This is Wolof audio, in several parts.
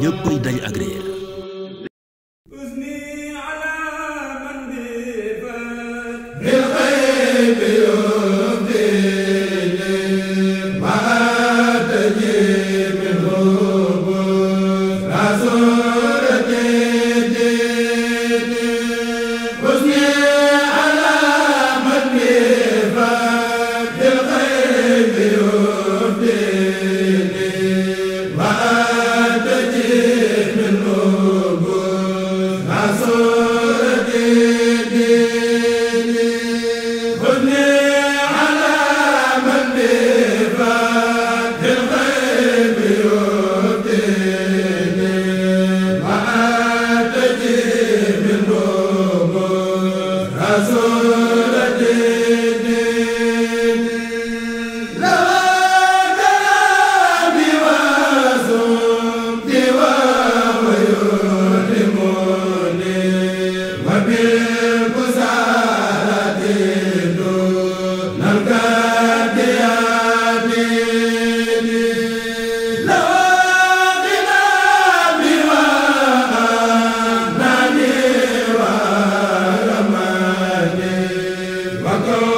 ñëppay dañ agréer ولد Allaahu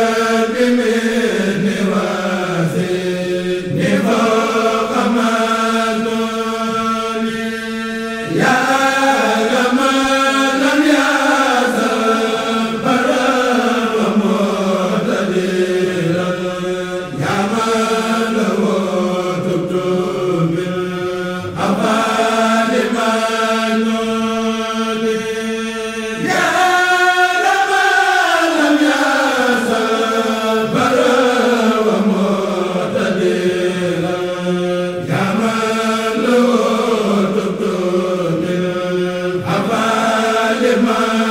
ma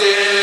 se